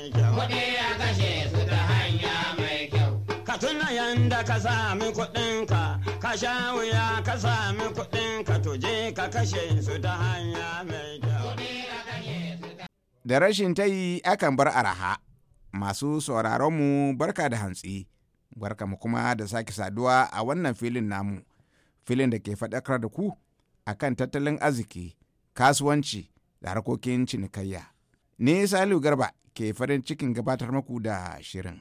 kashe su ta hanya mai kyau. Ka tuna yanda ka sami kuɗinka, ka sha wuya ka sami kuɗinka tuje ka kashe su ta hanya mai kyau. Da rashin ta yi akan bar araha. Masu sauraronmu barka da hantsi, barka mu kuma da sake saduwa a wannan filin namu, filin da ke faɗakar da ku akan tattalin arziki, kasuwanci da harkokin cinikayya. ne Salihu Garba ke farin cikin gabatar maku da shirin.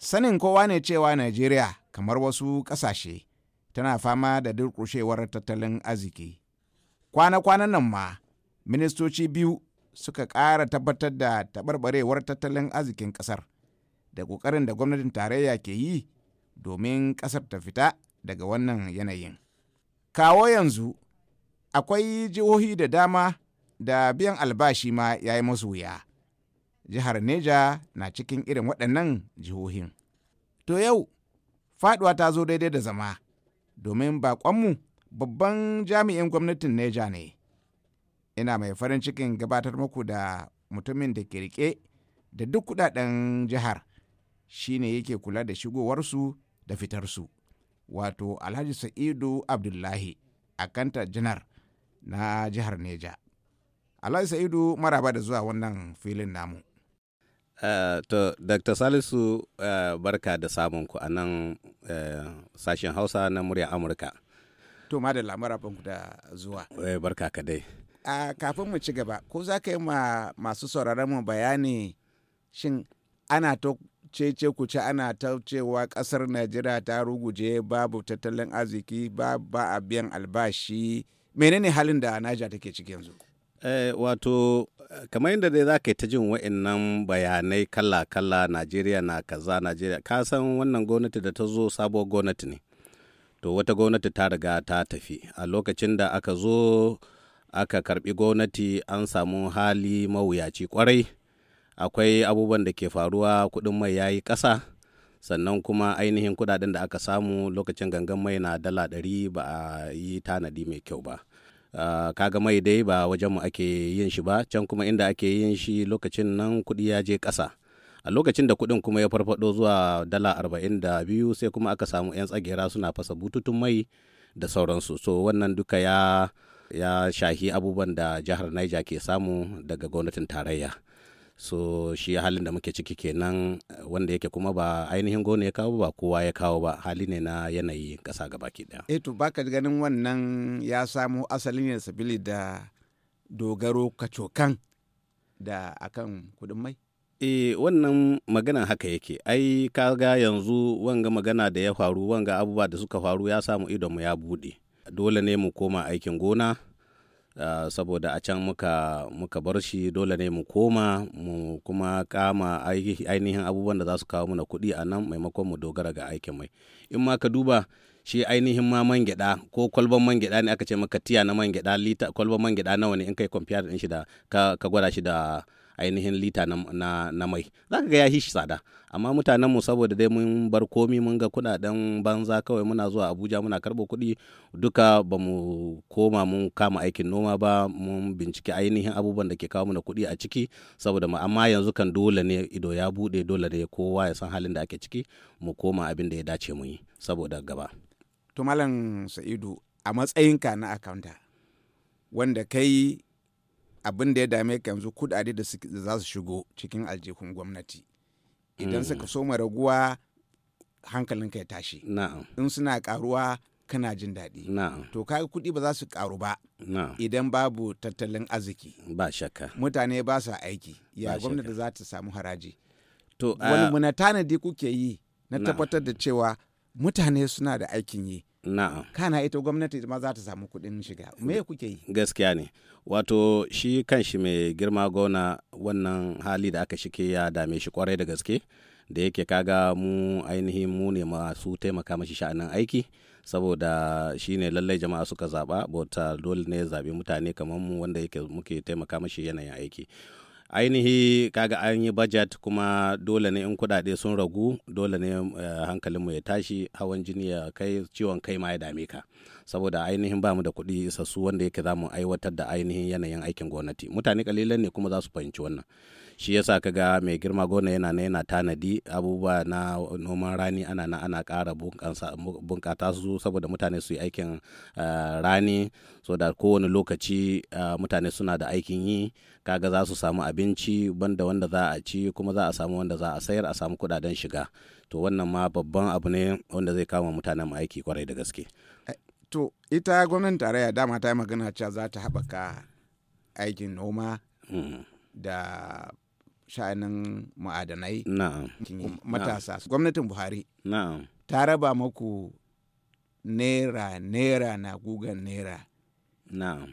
Sanin kowa ne cewa Najeriya kamar wasu ƙasashe tana fama da durƙushewar tattalin arziki. Kwana-kwanan nan ma, ministoci biyu suka ƙara tabbatar da taɓarɓarewar tattalin arzikin ƙasar da ƙoƙarin da gwamnatin tarayya ke yi domin ƙasar ta fita daga wannan yanayin. Kawo yanzu, akwai jihohi da dama da biyan albashi ma ya yi masu wuya. Jihar Neja na cikin irin waɗannan jihohin. To yau, faɗuwa ta zo daidai da zama, domin baƙonmu babban jami'in gwamnatin Neja ne. Ina mai farin cikin gabatar muku da mutumin da ke rike da duk kuɗaɗen jihar shi ne yake kula da shigowarsu da fitarsu. Wato Alhaji Sa'idu Abdullahi, akanta janar na jihar Neja. alhaji sa'idu maraba da zuwa wannan filin namu Uh, to dr salisu uh, barka da samun ku a nan uh, sashen hausa na murya amurka to ma da lamaraban ku da zuwa Uh, barka ka dai uh, kafin mu ci gaba ko za ka yi ma masu sauraron mu bayani shin ana to cece ku ce ana ta cewa kasar najeriya ta ruguje babu tattalin arziki ba ba a biyan albashi menene halin da naija take ciki yanzu Eh, wato kamar yadda dai za ka yi ta jin wa'annan bayanai kala-kala najeriya na kaza najeriya ka san wannan gwamnati da ta zo sabuwar gwamnati ne to wata gwamnati ta riga ta tafi a lokacin da aka zo aka karbi gwamnati an samu hali mawuyaci kwarai akwai abubuwan da ke faruwa kuɗin mai yayi ƙasa sannan kuma ainihin kuɗaɗen da aka samu lokacin gangan mai na dala ɗari ba a yi tanadi mai kyau ba Ah, kaga mai dai ba wajen mu ake yin shi ba can kuma inda ake yin shi lokacin nan kuɗi ya je ƙasa a lokacin da kuɗin kuma ya farfado zuwa dala arba'in da biyu sai kuma aka samu 'yan tsagera suna fasa bututun mai da sauransu so wannan duka ya ya shahi abubuwan da jihar niger ke samu daga gwamnatin tarayya so shi halin da muke ciki kenan wanda yake kuma ba ainihin gona ya kawo ba kowa ya kawo ba hali ne na yanayi ƙasa gabaki ɗaya. eh to baka ganin wannan ya samo asali ne sabili da dogaro kacokan da akan kudin mai e wannan magana haka yake ai ka ga yanzu wanga magana da ya faru wanga abubuwa da suka faru ya samu idonmu ya bude. dole ne mu koma aikin gona Ah, saboda a can muka bar shi dole ne mu koma mu kuma kama ainihin abubuwan da za su kawo mana kuɗi a nan maimakon mu dogara ga aikin mai in ma ka duba shi ainihin ma man gyada ko kwalban man gyada ne aka ce maka tiya na man gyada lita kwalban man gyada nawa ne in kai kwamfiya da shi da ka gwada shi da ainihin lita na, na mai za ka ga ya shi tsada amma mutanen mu saboda dai mun bar komi mun ga kudaden banza kawai muna zuwa abuja muna karɓo kuɗi duka ba mu koma mun kama aikin noma ba mun bincike ainihin abubuwan da ke kawo mana kuɗi a ciki saboda mu amma yanzu kan dole ne ido ya buɗe dole ne kowa ya san halin da ake ciki mu koma abin da ya dace mu yi saboda gaba to malam sa'idu a matsayinka na akawunta wanda kai abin da ya dame ka yanzu kudade da za su shigo cikin aljihun gwamnati idan suka mm. soma raguwa hankalinka ya tashi in suna karuwa kana jin daɗi to kaga kuɗi ba za su karu ba idan babu tattalin arziki ba shakka mutane ba su aiki ya gwamnati za ta samu haraji to wani muna tanadi kuke yi na tabbatar da cewa mutane suna da aikin yi na'am kana ita gwamnati ma za ta samu kuɗin shiga me kuke yi gaskiya ne wato shi kan shi mai girma gona wannan hali da aka shike ya dame shi kwarai da gaske da yake kaga mu ainihin mu ne masu taimaka mashi sha'anin aiki saboda shi ne lallai jama'a suka zaɓa bauta dole ne zaɓi mutane kamar mu wanda yake muke taimaka mashi yanayin aiki ainihi kaga an yi budget kuma dole ne in kudade sun ragu dole ne eh, hankalinmu ya tashi hawan jini ya kai ciwon kai ma ya dame ka saboda ainihin bamu da kuɗi isassu wanda yake za aiwatar da ainihin yanayin aikin gwamnati mutane kalilan ne kuma za su fahimci wannan shi yasa ka ga mai girma gona yana na yana tanadi abubuwa na noman rani ana na ana kara bunƙasa su saboda mutane su yi aikin eh, rani so da kowane lokaci eh, mutane suna da aikin yi kaga za su samu abinci banda wanda za a ci kuma za a samu wanda za a sayar a samu kudaden shiga to wannan ma babban abu ne wanda zai kama mutanen aiki kwarai da gaske eh, to ita gwamnatin tarayya dama ta yi magana cewa za ta haɓaka aikin noma mm. da sha'anin ma'adanai matasa gwamnatin buhari ta raba maku naira naira na gugan naira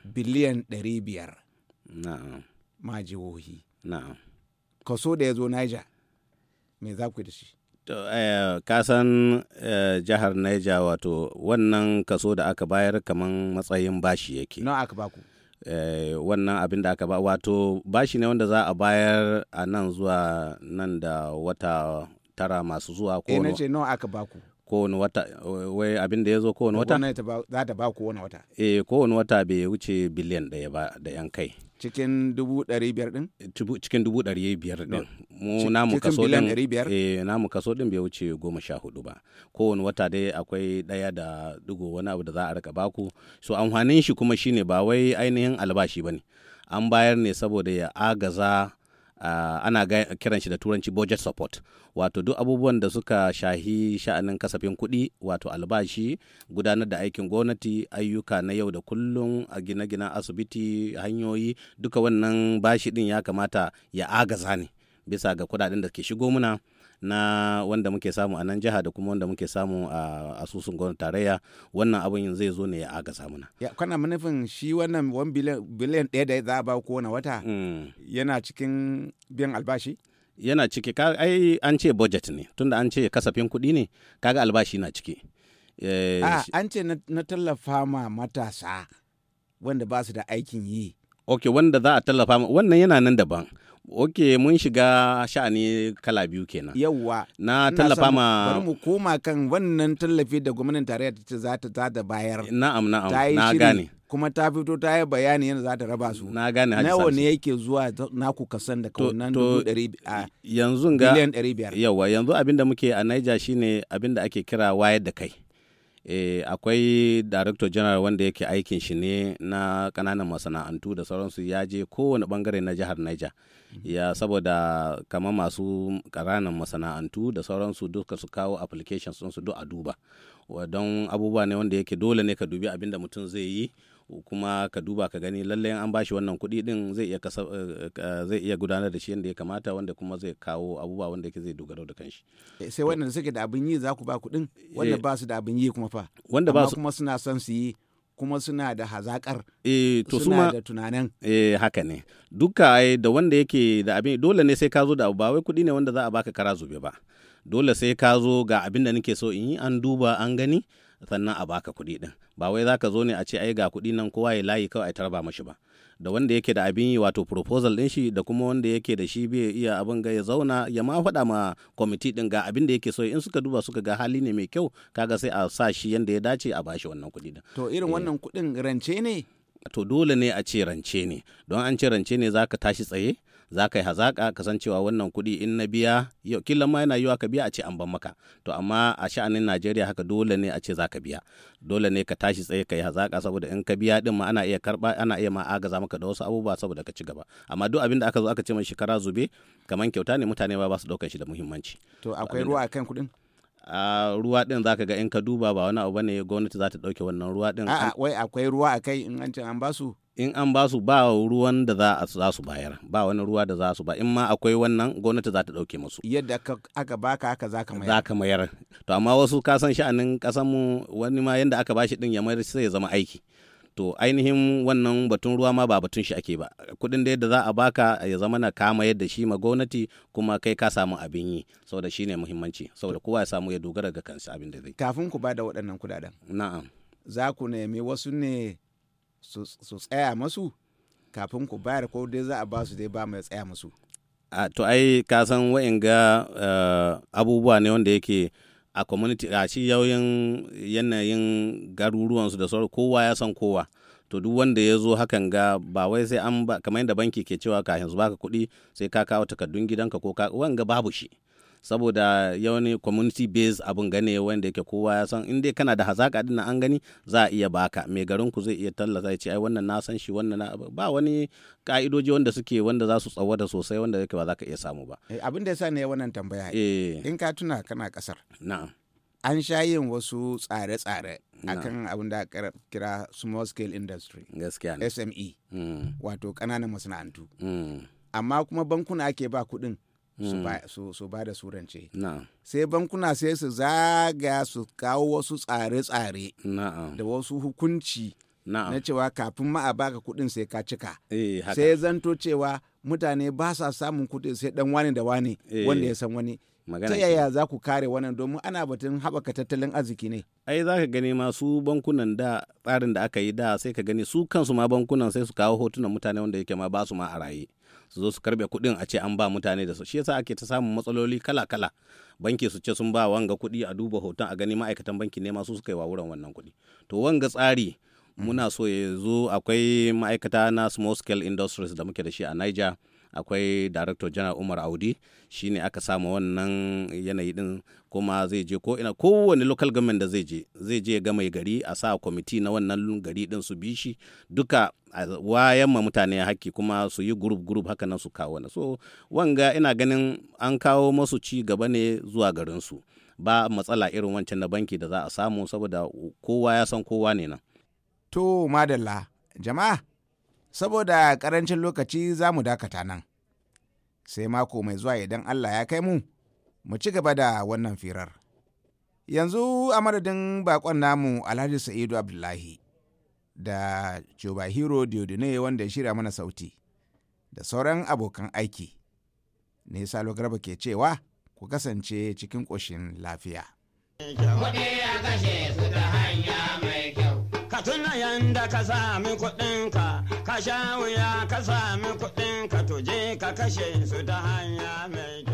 biliyan ɗari biyar ma jihohi kaso da ya zo niger me za ku da shi To, eh, kasan eh, jihar Niger wato wannan kaso da aka bayar kaman matsayin bashi yake. Nawa aka baku? Eh, wannan abin da aka ba wato bashi ne wanda za a bayar a nan zuwa nan da wata tara masu zuwa ko eh, na ce nawa aka baku kowane wata wai abin da ya zo kowane wata za ta baku wani wata eh kowane wata bai wuce biliyan daya ba da yan kai cikin dubu ɗari biyar ɗin? cikin dubu ɗari biyar ɗin mu namu kaso ɗin eh namu kaso ɗin bai wuce goma sha hudu ba kowane wata dai akwai ɗaya da dugo wani abu da za a rika baku so amfanin shi kuma shine ba wai ainihin albashi ba ne an bayar ne saboda ya agaza Uh, ana kiran shi da turanci budget support wato duk abubuwan da suka shahi sha'anin kasafin kuɗi wato albashi gudanar da aikin gwamnati ayyuka na yau da kullum a gine-ginen asibiti hanyoyi duka wannan bashi din ya kamata ya agaza ne bisa ga kudaden da ke shigo muna na wanda muke samu a nan jiha da kuma wanda muke samu a asusun gwamnati tarayya wannan abin zai zo ne ya samu na. ya kana manufin shi wannan wani biliyan ɗaya da za a ba kowane wata mm. yana cikin biyan albashi yana ciki ai an ce budget ne tunda an ce kasafin kuɗi ne kaga albashi na ciki eh, an ce na tallafa ma matasa wanda ba su da aikin yi ok wanda za a tallafa wannan yana nan daban ok mun shiga sha'ani kala biyu kenan yawwa na tallafa ma bari mu koma kan wannan tallafi da gwamnatin tarayya ta za ta da bayar na'am na'am na gane kuma ta fito ta yi bayani yadda za ta raba su na gane hajji nawa ne yake zuwa naku kasan da kawunan yanzu ga miliyan 500 yawa yanzu abinda muke a Niger shine abinda ake kira wayar da kai eh, akwai director general wanda yake aikin shi ne na kananan masana'antu da sauransu ya je kowane bangare na jihar Niger ya saboda kama masu kananan masana'antu da sauransu duka su kawo applications sun su duk a duba don abubuwa ne wanda yake dole ne ka dubi abinda mutum zai yi kuma ka duba ka gani lallai an bashi wannan kuɗi din zai iya eh, eh, zai iya gudanar da shi yadda ya kamata wanda kuma zai kawo abubuwa wanda yake zai dogaro da kanshi eh, sai wanda suke da abin yi za ku ba kuɗin wanda ba su da abin yi kuma fa wanda ba su kuma suna son su yi kuma suna da hazakar to suna da tunanin eh haka ne duka da wanda yake da abin dole ne sai ka zo da abu ba wai kuɗi ne wanda za a baka kara zube ba dole sai ka zo ga abin da nake so in yi an duba an gani sannan a baka kuɗi din ba wai zaka zo ne a ce ai ga kuɗi nan kowa ya layi kawai a tarba mashi ba da wanda yake da abin yi wato proposal din shi da kuma wanda yake da shi bai iya abin ga ya zauna ya ma faɗa ma kwamiti din ga abin da yake so in suka duba suka ga hali ne mai kyau kaga sai a sa shi yanda ya dace a bashi wannan kuɗi ɗin. to irin eh. wannan kuɗin rance ne to dole ne a ce rance ne don an ce rance ne zaka tashi tsaye za ka yi hazaƙa ka san cewa wannan kuɗi in na biya yau kila ma yana yiwa ka biya a ce an ban maka to amma a sha'anin Najeriya haka dole ne a ce za ka biya dole ne ka tashi tsaye ka yi hazaƙa saboda in ka biya din ma ana iya karɓa ana iya ma agaza maka da wasu abubuwa saboda ka ci gaba amma duk abin da aka zo aka ce mai shekara zube kamar kyauta ne mutane ba ba su ɗaukar shi da muhimmanci to akwai ruwa akan kuɗin a ruwa din zaka ga in ka duba ba wani abu bane gwamnati za ta dauke wannan ruwa din a'a wai akwai ruwa akai in an ce an basu in an ba su ba ruwan da za su bayar ba wani ruwa da za su ba in ma akwai wannan gwamnati za ta dauke musu yadda aka baka aka za ka mayar za ka mayar to amma wasu ka san sha'anin mu wani ma yadda aka bashi din ya mayar sai ya zama aiki to ainihin wannan batun ruwa ma ba batun shi ake ba kuɗin da yadda za a baka ya zama na kama yadda shi ma gwamnati kuma kai ka samu abin yi saboda shi ne muhimmanci saboda kowa ya samu ya dogara ga kansa abin da zai kafin ku ba da waɗannan kudaden na'am za ku nemi wasu ne su tsaya masu kafin ku bayar ko dai za a ba su dai ba mai tsaya masu. A to ai ka san ga eh, abubuwa ne wanda yake a community a shi yauyin yanayin garuruwansu da sauran kowa ya san kowa. to duk wanda ya zo hakan ga ba wai sai an ba kamar yadda banki ke cewa kafin su baka kuɗi sai ka kawo takardun gidanka ko ka wanga babu shi saboda yawani community based abun gane wanda yake kowa ya san in dai kana da hazaka din an gani za a iya baka mai garin ku zai iya tallata ya ce ai wannan na san shi wannan na ba wani ka'idoji wanda suke wanda za su tsawada sosai wanda yake ba za ka iya samu ba eh, abin da yasa ne wannan tambaya eh. in ka tuna kana kasar na'am an sha yin wasu tsare-tsare akan abin da kira small scale industry gaskiya SME e, hmm. wato ƙananan masana'antu hmm. amma kuma bankuna ake ba kuɗin Mm. su ba da surance sai bankuna sai su zaga su kawo wasu tsare-tsare da wasu hukunci na cewa kafin ma a baka kudin sai ka cika eh, sai zanto cewa mutane ba sa samun kudi sai dan wani da wani eh. wanda ya san wani ta yaya za ku kare wannan domin ana batun haɓaka tattalin arziki ne ai za ka gani masu bankunan da tsarin da aka yi da sai ka gani su kansu ma bankunan sai su kawo hotunan mutane wanda yake ma ba su ma a raye su zo su karbe kuɗin a ce an ba mutane da su shi yasa ake ta samun matsaloli kala-kala banki su ce sun ba wanga kuɗi a duba hoton a gani ma'aikatan banki ne masu suka yi wa wurin wannan kuɗi to wanga tsari mm. muna so ya zo akwai ma'aikata na small scale industries da muke da shi a niger akwai director general umar audi shi ne aka samu wannan yanayi din kuma zai je ko ina kowane local government da zai je zai je ga mai gari a sa kwamiti na wannan gari din su bi shi duka wayan ma mutane haƙƙi kuma su yi group group haka nan su kawo na so wanga ina ganin an kawo masu ci gaba ne zuwa garin su ba matsala irin wancan na banki da za a samu saboda kowa ya san kowa ne nan to madalla jama'a saboda ƙarancin lokaci za mu dakata nan sai mako mai zuwa idan allah ya kai mu mu ci gaba da wannan firar yanzu a madadin bakon namu alhaji sa'idu abdullahi da jubahiro Diodune wanda ya shirya mana sauti da sauran abokan aiki. Ne Salo Garba ke cewa ku kasance cikin ƙoshin lafiya. Kuɗi a kashe su ta hanya mai Idan da ka sami kuɗinka, ka sha wuya ka sami kuɗinka, to je ka kashe su ta hanya mai